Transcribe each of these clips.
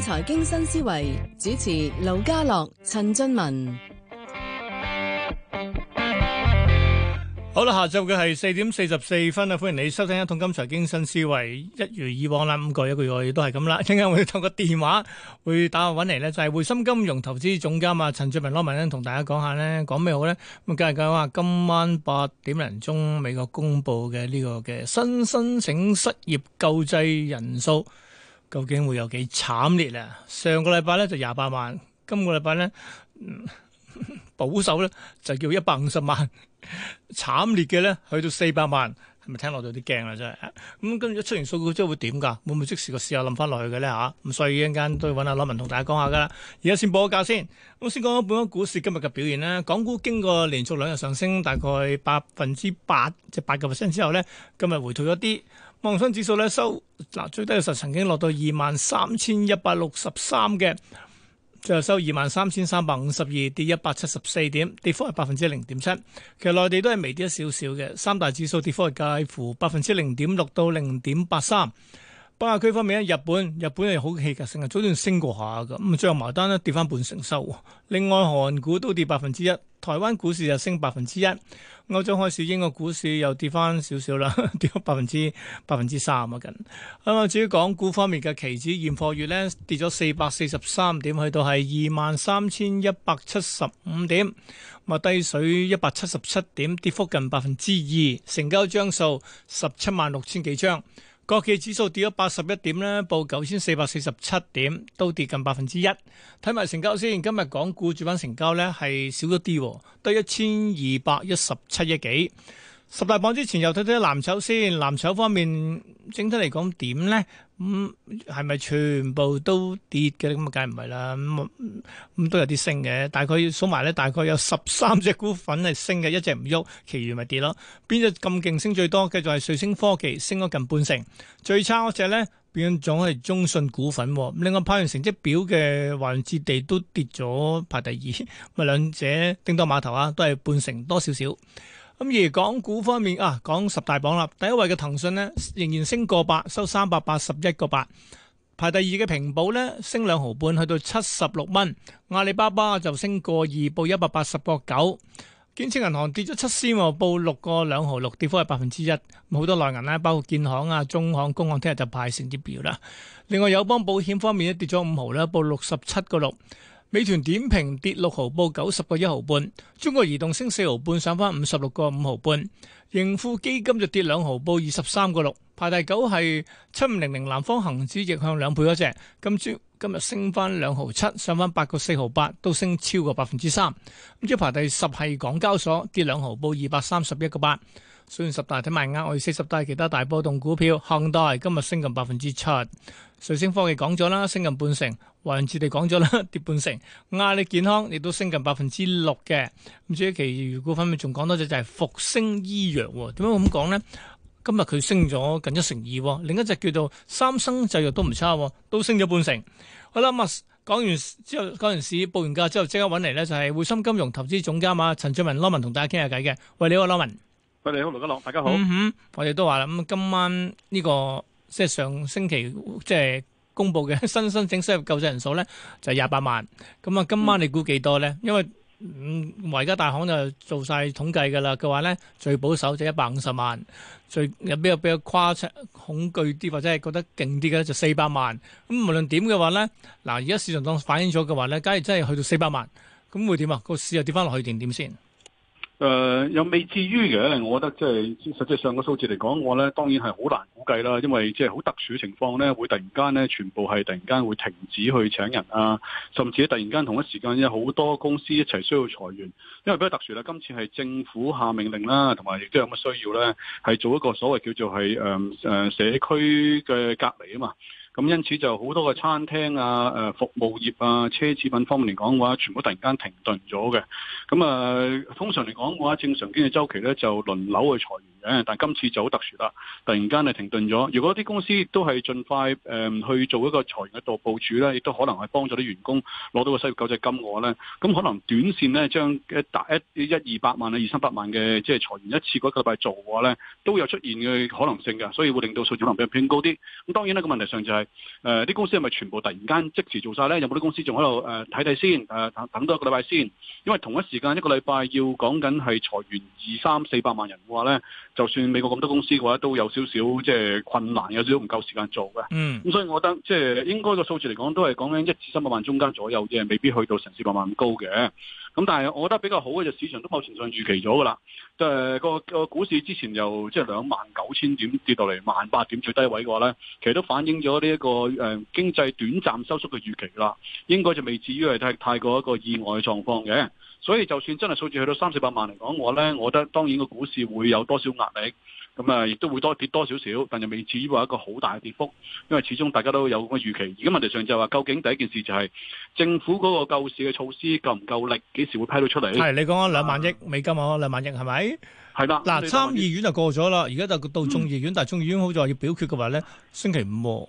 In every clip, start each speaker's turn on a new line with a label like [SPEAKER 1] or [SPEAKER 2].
[SPEAKER 1] 財經新思維主持劉家樂、陳俊文。好啦，下晝嘅係四點四十四分啊！歡迎你收聽一通金財經新思維，一如以往啦，五句一個月，一個月我亦都係咁啦。一陣間我哋透過電話會打下搵嚟呢就係、是、匯深金融投資總監啊陳俊文攞埋呢同大家講下呢，講咩好呢？咁梗係講今晚八點零鐘，美國公布嘅呢個嘅新申請失業救濟人數。究竟會有幾慘烈啊？上個禮拜咧就廿八萬，今個禮拜咧、嗯、保守咧就叫一百五十萬，慘烈嘅咧去到四百萬，係咪聽落都有啲驚呀？真係咁，跟住一出完數據之後會點噶？會唔會，會即時個市又諗翻落去嘅咧？吓、啊、咁，所以一陣間都去揾阿老文同大家講下噶啦。而家先報個價先。咁先講翻本港股市今日嘅表現啦。港股經過連續兩日上升，大概百分之八即係八個 percent 之後咧，今日回吐咗啲。恆生指數咧收嗱最低嘅時候曾經落到二萬三千一百六十三嘅，就收二萬三千三百五十二，跌一百七十四點，跌幅係百分之零點七。其實內地都係微跌少少嘅，三大指數跌幅係介乎百分之零點六到零點八三。北亞區方面，日本日本又好戲劇性，啊，早段升過下噶。咁最後埋單咧，跌翻半成收。另外韓股都跌百分之一，台灣股市又升百分之一。歐洲開始，英國股市又跌翻少少啦，跌百分之百分之三啊緊。咁啊，至於港股方面嘅期指現貨月咧，跌咗四百四十三點，去到係二萬三千一百七十五點，咁啊低水一百七十七點，跌幅近百分之二，成交張數十七萬六千幾張。國企指數跌咗八十一點呢，報九千四百四十七點，都跌近百分之一。睇埋成交先，今日港股主板成交呢係少咗啲，得一千二百一十七億幾。十大榜之前又睇睇藍籌先，藍籌方面整體嚟講點咧？咁係咪全部都跌嘅？咁啊，梗唔係啦，咁、嗯、咁、嗯、都有啲升嘅。大概數埋咧，大概有十三隻股份係升嘅，一隻唔喐，其餘咪跌咯。邊隻咁勁升最多嘅就係瑞星科技，升咗近半成。最差嗰隻咧變咗係中信股份。另外派完成績表嘅華潤置地都跌咗，排第二。咁啊，兩者叮噹碼頭啊，都係半成多少少。咁而港股方面啊，講十大榜啦，第一位嘅騰訊呢，仍然升過百，收三百八十一個八。排第二嘅平保呢，升兩毫半，去到七十六蚊。阿里巴巴就升過二，報一百八十個九。建設銀行跌咗七仙，報六個兩毫六，跌幅係百分之一。好多內銀咧，包括建行啊、中行、工行，聽日就派成績表啦。另外友邦保險方面呢，跌咗五毫啦，報六十七個六。美團點評跌六毫，報九十個一毫半；中國移動升四毫半，上翻五十六個五毫半。盈富基金就跌兩毫，報二十三個六，排第九係七五零零南方恒指，逆向兩倍嗰隻，今朝今日升翻兩毫七，上翻八個四毫八，都升超過百分之三。咁即排第十係港交所，跌兩毫，報二百三十一個八。雖然十大睇埋啱，我哋四十大其他大波動股票，恒大今日升近百分之七，瑞聲科技講咗啦，升近半成。恒指地講咗啦，跌半成，亞力健康亦都升近百分之六嘅。咁至於其餘股方面，仲講多隻就係復星醫藥，點解咁講呢？今日佢升咗近一成二，另一隻叫做三生製藥都唔差，都升咗半成。好啦，咁啊，講完,完之後，嗰陣時報完價之後，即刻搵嚟呢就係匯信金融投資總監啊陳俊文 Lo 文同大家傾下偈嘅。喂，你好，Lo 文。
[SPEAKER 2] 喂，你好，盧家樂，大
[SPEAKER 1] 家好。嗯、我哋都話啦，咁今晚呢、這個即係上星期即係。公布嘅新申請失業救濟人數咧就係廿八萬，咁啊今晚你估幾多咧、嗯？因為嗯，而家大行就做晒統計噶啦，嘅話咧最保守就一百五十萬，最有邊個比較比較誇張、恐懼啲或者係覺得勁啲嘅就四百萬。咁無論點嘅話咧，嗱而家市場當反映咗嘅話咧，假如真係去到四百萬，咁會點啊？個市又跌翻落去定點先？如何如何
[SPEAKER 2] 誒、呃、又未至於嘅，我覺得即、就、係、是、實際上個數字嚟講，我咧當然係好難估計啦，因為即係好特殊情況咧，會突然間咧全部係突然間會停止去請人啊，甚至突然間同一時間有好多公司一齊需要裁員，因為比較特殊啦，今次係政府下命令啦，同埋亦都有乜需要咧，係做一個所謂叫做係誒社區嘅隔離啊嘛。咁因此就好多嘅餐廳啊、誒服務業啊、奢侈品方面嚟講嘅話，全部突然間停頓咗嘅。咁啊，通常嚟講嘅話，正常經濟周期咧就輪流去裁員。但今次就好特殊啦，突然間係停頓咗。如果啲公司都係盡快、嗯、去做一個裁員嘅度部署咧，亦都可能係幫助啲員工攞到個失業救濟金嘅話咧，咁可能短線咧將一達一一二百萬啊二三百萬嘅即係裁員一次嗰、那個禮拜做嘅話咧，都有出現嘅可能性嘅，所以會令到數字可能比較偏高啲。咁當然呢個問題上就係誒啲公司係咪全部突然間即時做晒咧？有冇啲公司仲喺度睇睇先等、呃、等多一個禮拜先？因為同一時間一個禮拜要講緊係裁員二三四百萬人嘅話咧。就算美國咁多公司嘅話，都有少少即係困難，有少少唔夠時間做嘅。嗯，咁所以我覺得即係應該個數字嚟講，都係講緊一至三百萬中間左右啫，未必去到成四百萬咁高嘅。咁但係，我覺得比較好嘅就市場都某程上預期咗㗎啦。誒，個個股市之前由即係兩萬九千點跌到嚟萬八點最低位嘅話咧，其實都反映咗呢一個誒經濟短暫收縮嘅預期啦。應該就未至於係太過一個意外嘅狀況嘅。所以就算真係數字去到三四百萬嚟講，我咧，我覺得當然個股市會有多少壓力。咁啊，亦都會多跌多少少，但又未至於話一個好大嘅跌幅，因為始終大家都有個預期。而家問題上就係話，究竟第一件事就係政府嗰個救市嘅措施夠唔夠力，幾時會批到出嚟？係你
[SPEAKER 1] 講啊，兩萬億美金啊，兩萬億係咪？係啦，嗱，參議院就過咗啦，而家就到眾議院，但係眾議院好在要表決嘅話咧，星期五，哦。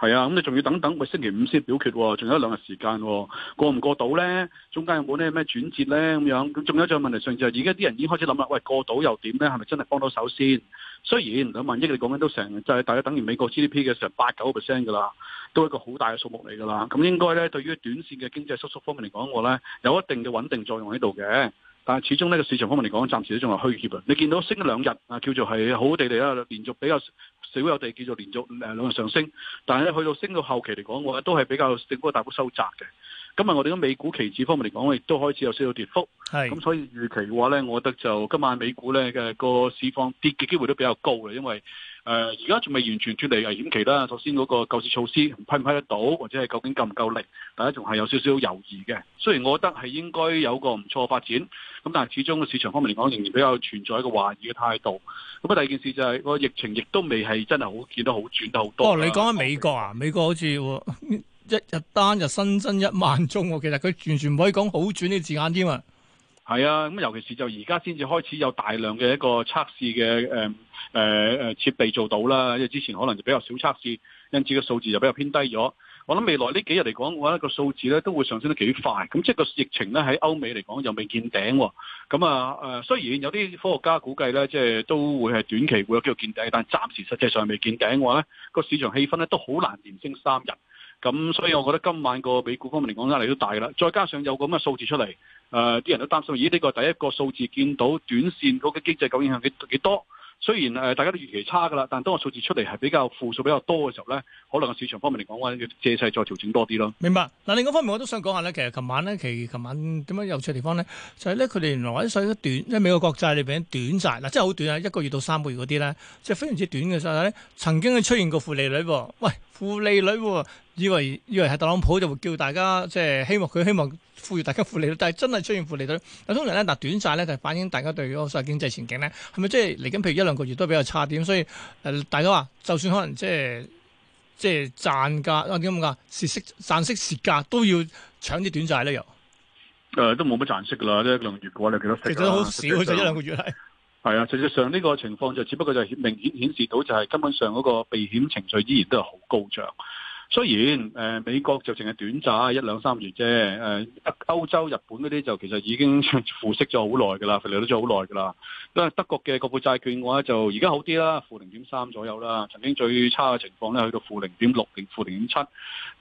[SPEAKER 2] 係啊，咁你仲要等等，喂，星期五先表決，仲有兩日時間，過唔過到呢？中間有冇咩咩轉折呢？咁樣，咁仲有一樣問題上、就是，就係而家啲人已經開始諗啦，喂，過到又點呢？係咪真係幫到手先？雖然兩萬億，你講緊都成，就係、是、大約等於美國 GDP 嘅成八九個 percent 噶啦，都係一個好大嘅數目嚟噶啦。咁應該呢，對於短線嘅經濟收縮方面嚟講，我呢有一定嘅穩定作用喺度嘅。但係始終呢個市場方面嚟講，暫時都仲係虛怯啊！你見到升一兩日啊，叫做係好好地地啦，連續比較少有地叫做連續誒兩日上升。但係咧去到升到後期嚟講，我都係比較整個大幅收窄嘅。今日我哋嘅美股期指方面嚟講，我亦都開始有少少跌幅。係咁，所以預期嘅話咧，我覺得就今晚美股咧嘅個市況跌嘅機會都比較高啦，因為。誒、呃，而家仲未完全脫離危險期啦。首先嗰個救市措施批唔批得到，或者係究竟夠唔夠力，大家仲係有少少猶豫嘅。雖然我覺得係應該有個唔錯嘅發展，咁但係始終個市場方面嚟講，仍然比較存在一個懷疑嘅態度。咁啊，第二件事就係、是、個疫情亦都未係真係好見得好轉得好轉得好
[SPEAKER 1] 多。哦、啊，你講緊美國啊？美國好似一單日單就新增一萬宗，啊，其實佢完全唔可以講好轉呢個字眼添啊！
[SPEAKER 2] 係啊，咁尤其是就而家先至開始有大量嘅一個測試嘅誒誒誒設備做到啦，因為之前可能就比較少測試，因此個數字就比較偏低咗。我諗未來呢幾日嚟講，我覺得個數字呢都會上升得幾快。咁即係個疫情呢喺歐美嚟講又未見頂，哦。咁啊誒，雖然有啲科學家估計呢，即係都會係短期會有機會見頂，但係暫時實際上未見頂嘅話呢，呢個市場氣氛呢都好難連升三日。咁所以，我覺得今晚個美股方面嚟講，壓力都大啦。再加上有咁嘅數字出嚟，誒、呃、啲人都擔心。咦、哎？呢、這個第一個數字見到短線嗰個經濟究竟影響幾多？雖然、呃、大家都預期差噶啦，但當個數字出嚟係比較負數比較多嘅時候咧，可能個市場方面嚟講咧，話要借勢再調整多啲咯。
[SPEAKER 1] 明白。嗱，另外方面我都想講下咧，其實琴晚咧，其實琴晚點樣有趣嘅地方咧，就係咧佢哋原來喺上一短，即係美國國債裏邊短債嗱，即係好短啊，一個月到三個月嗰啲咧，即、就、係、是、非常之短嘅時候咧，曾經出現過負利率喎。喂！負利率喎、哦，以為以為係特朗普就會叫大家即係希望佢希望富裕大家負利率，但係真係出現負利率，但通常咧嗱短債咧就反映大家對嗰個經濟前景咧係咪即係嚟緊？譬、就是、如一兩個月都比較差啲，所以誒大家話就算可能即係即係賺價或者咁蝕息賺息蝕價都要搶啲短債咧又。
[SPEAKER 2] 誒、呃、都冇乜賺息㗎啦，即係一兩個月嘅話你幾多？其實好少一兩個月係係啊，實際上呢個情況就只不過就顯明顯顯示到就係根本上嗰個避險情緒依然都係好高漲。雖然誒、呃、美國就淨係短暫一兩三月啫，誒、呃、歐洲、日本嗰啲就其實已經付息咗好耐噶啦，負利都咗好耐噶啦。因為德國嘅國庫債券嘅話就而家好啲啦，負零點三左右啦，曾經最差嘅情況咧去到負零點六、定負零點七、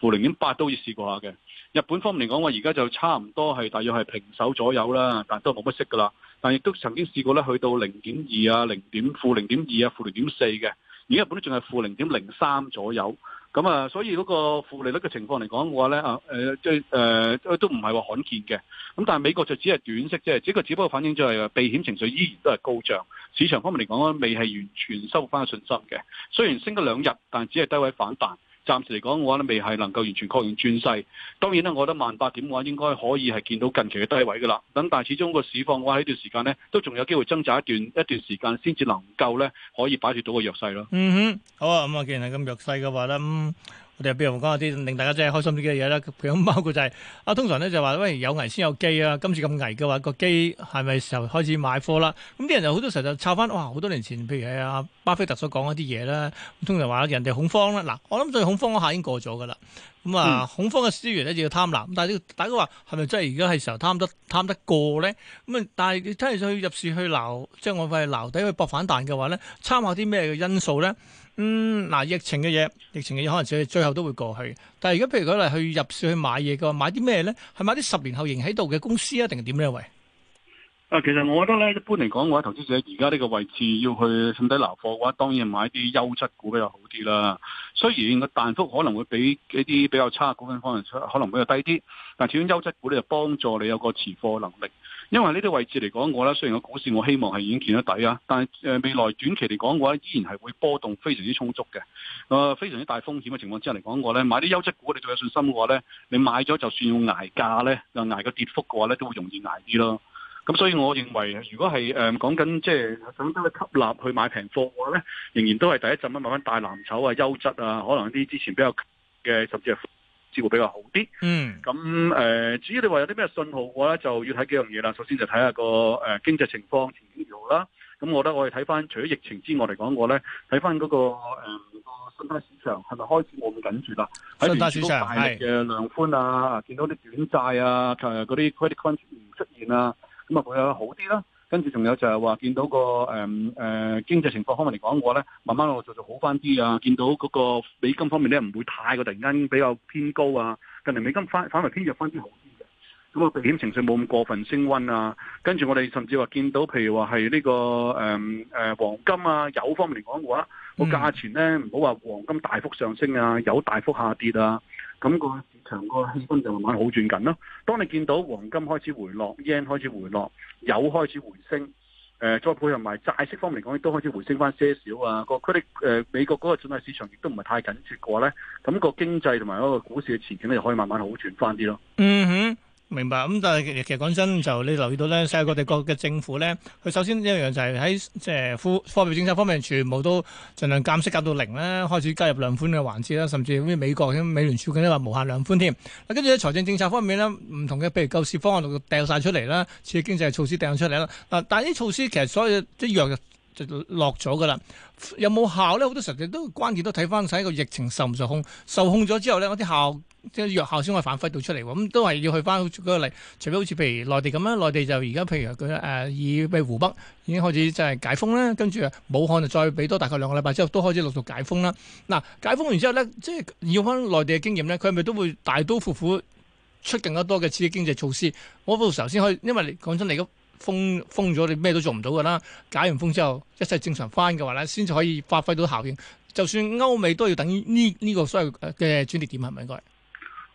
[SPEAKER 2] 負零點八都要試過一下嘅。日本方面嚟講，我而家就差唔多係大約係平手左右啦，但都冇乜息噶啦。但亦都曾經試過咧，去到零點二啊、零點負零點二啊、負零點四嘅，而日本咧仲係負零點零三左右。咁啊，所以嗰個負利率嘅情況嚟講嘅話咧啊，即係、呃呃呃、都唔係話罕見嘅。咁但係美國就只係短息啫，只個只不過反映咗係避險情緒依然都係高漲。市場方面嚟講咧，未係完全收翻信心嘅。雖然升咗兩日，但只係低位反彈。暫時嚟講，我咧未係能夠完全確認轉勢。當然啦，我覺得萬八點嘅話，應該可以係見到近期嘅低位噶啦。咁但係始終個市況我喺呢段時間咧，都仲有機會掙扎一段一段時間，先至能夠咧可以擺脫到個弱勢咯。嗯
[SPEAKER 1] 哼，好啊。咁啊，既然係咁弱勢嘅話咧，嗯我哋啊，比如講下啲令大家真係開心啲嘅嘢啦。譬如咁，包括就係、是、啊，通常咧就話，喂，有危先有機啊。今次咁危嘅話，個機係咪時候開始買貨啦？咁啲人就好多時候就抄翻。哇，好多年前，譬如係阿巴菲特所講一啲嘢啦。通常話，人哋恐慌啦。嗱，我諗最恐慌嗰下已經過咗噶啦。咁、嗯、啊、嗯，恐慌嘅思源咧就要貪婪。但係呢、這個，大家話係咪真係而家係時候貪得貪得過咧？咁啊，但係你睇嚟去入市去撈，即、就、係、是、我話係撈底去搏反彈嘅話咧，參考啲咩嘅因素咧？嗯，嗱、啊，疫情嘅嘢，疫情嘅嘢，可能最最後都會過去。但係如果譬如佢嚟去入市去買嘢嘅，買啲咩咧？係買啲十年後仍喺度嘅公司啊，定係點呢？喂，
[SPEAKER 2] 啊，其實我覺得咧，一般嚟講嘅話，投資者而家呢個位置要去趁低拿貨嘅話，當然買啲優質股比較好啲啦。雖然個彈幅可能會比一啲比較差股份可能出，可能比較低啲，但係始終優質股咧就幫助你有個持貨能力。因為呢啲位置嚟講，我咧雖然個股市我希望係已經見得底啊，但係誒未來短期嚟講嘅話，依然係會波動非常之充足嘅，非常之、呃、大風險嘅情況之下嚟講，我咧買啲優質股，你仲最有信心嘅話咧，你買咗就算要挨價咧，就挨個跌幅嘅話咧，都會容易挨啲咯。咁所以我認為，如果係誒講緊即係想得去吸納去買平貨嘅話咧，仍然都係第一陣咧買翻大藍籌啊、優質啊，可能啲之前比較嘅甚至係。會比較好啲，嗯，咁誒、呃，至於你話有啲咩信號嘅話咧，我就要睇幾樣嘢啦。首先就睇下、那個誒、呃、經濟情況前景如何啦。咁我覺得我哋睇翻除咗疫情之外嚟講，我咧睇翻嗰個誒個信貸市場係咪開始冇咁緊住啦？信貸市場係嘅量寬啊，見到啲短債啊，誒嗰啲 credit crunch 唔出現啊，咁啊會有好啲啦。跟住仲有就係話見到個誒誒、嗯呃、經濟情況方面嚟講嘅話咧，慢慢我就就好翻啲啊！見到嗰個美金方面咧唔會太過突然間比較偏高啊，近年美金反反而偏弱翻啲好啲嘅，啊、咁、嗯嗰個避險情緒冇咁過分升溫啊。跟住我哋甚至話見到譬如話係呢個誒誒、嗯呃、黃金啊油方面嚟講嘅話，個、嗯、價錢咧唔好話黃金大幅上升啊，油大幅下跌啊。咁、那個市場個氣氛就慢慢好轉緊咯。當你見到黃金開始回落，yen 開始回落，油開始回升，誒、呃，再配合埋債息方面嚟講，亦都開始回升翻些少啊。那個佢哋誒美國嗰個信貸市場亦都唔係太緊縮嘅話咧，咁個經濟同埋嗰個股市嘅前景咧就可以慢慢好轉翻啲咯。嗯哼。
[SPEAKER 1] 明白，咁但係其實講真，就你留意到咧，世界各地各嘅政府咧，佢首先一樣就係喺即係貨幣政策方面，全部都盡量減息減到零啦，開始加入量寬嘅環節啦，甚至美國美聯儲嗰呢，話無限量寬添。跟住喺財政政策方面呢，唔同嘅，譬如救市方案度掉晒出嚟啦，刺激經濟嘅措施掉出嚟啦。嗱，但係啲措施其實所有即藥就落咗噶啦，有冇效咧？好多時候都關鍵都睇翻喺個疫情受唔受控，受控咗之後呢，嗰啲效，即係藥效先會發揮到出嚟，咁都係要去翻好似嗰個例，除非好似譬如內地咁啦，內地就而家譬如佢誒以湖北已經開始即係解封啦。跟住武漢就再俾多大概兩個禮拜之後都開始陸續解封啦。嗱、啊、解封完之後咧，即係要翻內地嘅經驗咧，佢係咪都會大刀闊斧出更加多嘅刺激經濟措施？我、那、步、個、時候，先可以，因為講真你封封，你咁封封咗你咩都做唔到㗎啦。解完封之後一切正常翻嘅話咧，先至可以發揮到效應。就算歐美都要等呢呢、這個所有嘅轉折點係咪應該？是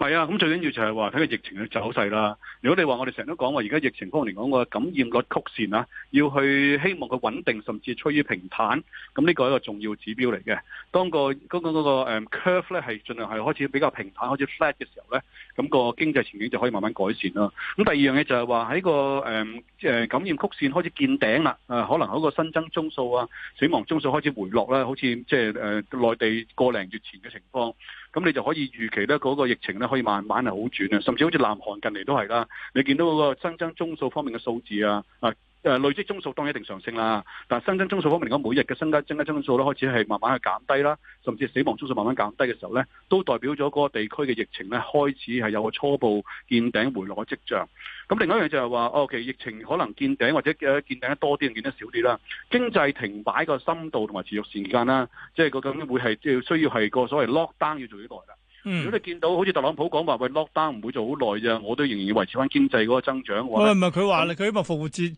[SPEAKER 2] 係啊，咁最緊要就係話睇個疫情嘅走勢啦。如果你話我哋成日都講話，而家疫情方面嚟講個感染率曲線啦，啊，要去希望佢穩定，甚至趨於平坦，咁呢個係一個重要指標嚟嘅。當個嗰個嗰個誒 curve 咧，係盡量係開始比較平坦，開始 flat 嘅時候咧，咁個經濟前景就可以慢慢改善啦。咁第二樣嘢就係話喺個誒感染曲線開始見頂啦，誒可能喺個新增宗數啊、死亡宗數開始回落啦，好似即係誒內地個零月前嘅情況。咁你就可以預期呢，嗰個疫情呢可以慢慢係好轉啊，甚至好似南韓近嚟都係啦。你見到嗰個新增宗數方面嘅數字啊，啊！誒累積宗數當然一定上升啦，但係新增宗數方面嚟講，每日嘅新增增加宗數咧開始係慢慢去減低啦，甚至死亡宗數慢慢的減低嘅時候咧，都代表咗嗰個地區嘅疫情咧開始係有個初步見頂回落嘅跡象。咁另外一樣就係話，哦，其實疫情可能見頂或者誒見頂得多啲定見得少啲啦。經濟停擺個深度同埋持續時間啦，即係個咁樣會係即係需要係個所謂 lockdown 要做幾耐啦。嗯、如果你見到好似特朗普講話喂 lockdown 唔會做好耐啫，我都仍然維持翻經濟嗰個增長。喂、嗯，唔係佢
[SPEAKER 1] 話啦，佢話復活節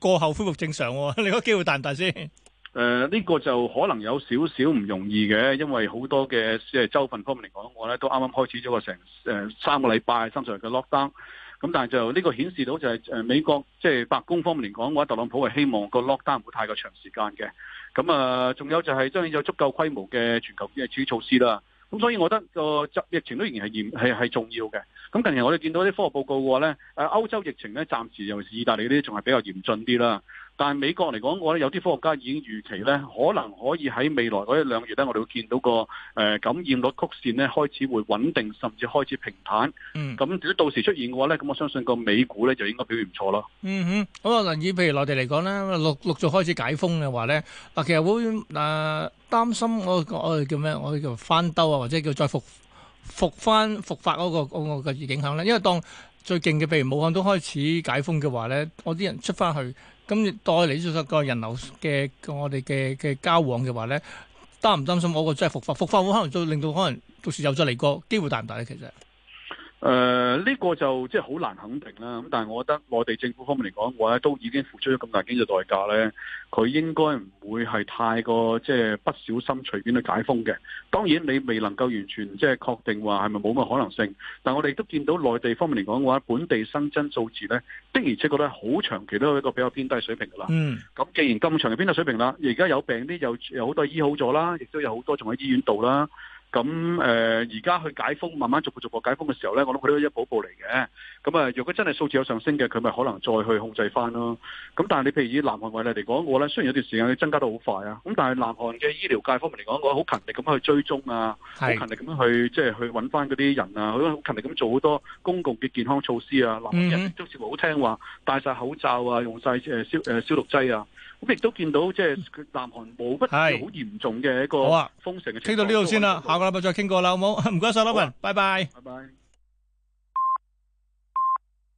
[SPEAKER 1] 過後恢復正常、啊，你個機會大唔大先？
[SPEAKER 2] 誒、呃，呢、這個就可能有少少唔容易嘅，因為好多嘅即係州份方面嚟講，我咧都啱啱開始咗個成誒、呃、三個禮拜三出嚟嘅 lockdown，咁、嗯、但係就呢、這個顯示到就係、是、誒、呃、美國即係白宮方面嚟講嘅話，特朗普係希望那個 lockdown 唔會太過長時間嘅。咁、嗯、啊，仲、呃、有就係當然有足夠規模嘅全球經濟措施啦。咁所以我覺得個疫疫情都仍然係嚴係重要嘅。咁近期我哋見到啲科學報告嘅話咧，誒歐洲疫情咧暫時尤其是意大利啲仲係比較嚴峻啲啦。但係美國嚟講，我咧有啲科學家已經預期咧，可能可以喺未來嗰一兩月咧，我哋會見到個誒感染率曲線咧開始會穩定，甚至開始平坦。嗯，咁如果到時出現嘅話咧，咁我相信個美股咧就應該表現唔錯咯。
[SPEAKER 1] 嗯哼，好啊。例如，譬如內地嚟講咧，陸陸續開始解封嘅話咧，嗱，其實會誒擔心我我哋叫咩？我哋叫翻兜啊，或者叫再復復翻復發嗰個嗰個嘅影響咧。因為當最勁嘅，譬如武漢都開始解封嘅話咧，我啲人出翻去。咁代你做咗個人流嘅我哋嘅嘅交往嘅話咧，擔唔擔心嗰個真係復發？復發會可能令到可能到時又再嚟過，機會大唔大咧？其實？
[SPEAKER 2] 誒、呃，呢個就即係好難肯定啦。咁但係我覺得內地政府方面嚟講，話都已經付出咗咁大經濟代價呢，佢應該唔會係太過即係不小心隨便去解封嘅。當然你未能夠完全即係確定話係咪冇乜可能性。但我哋都見到內地方面嚟講嘅話，本地新增數字呢，的而且確咧好長期都有一個比較偏低水平噶啦。嗯。咁既然咁長嘅偏低水平啦，而家有病啲又有好多醫好咗啦，亦都有好多仲喺醫院度啦。咁誒，而、呃、家去解封，慢慢逐步逐步解封嘅時候咧，我諗佢都一步一步嚟嘅。咁啊，若果真係數字有上升嘅，佢咪可能再去控制翻咯。咁但係你譬如以南韓為例嚟講，我咧雖然有段時間佢增加得好快啊，咁但係南韓嘅醫療界方面嚟講，我好勤力咁去追蹤啊，好勤力咁去即係、就是、去搵翻嗰啲人啊，好勤力咁做好多公共嘅健康措施啊。南韓人都似乎好聽話，戴晒口罩啊，用晒消消毒劑啊。.咁亦都見到，即係南韓冇乜好嚴重嘅一個封城嘅情況。傾、啊、到呢度先啦，嗯，
[SPEAKER 1] 下個禮拜再傾過啦，好唔好？唔該曬，俊文，啊，拜拜。
[SPEAKER 2] 拜拜。拜拜。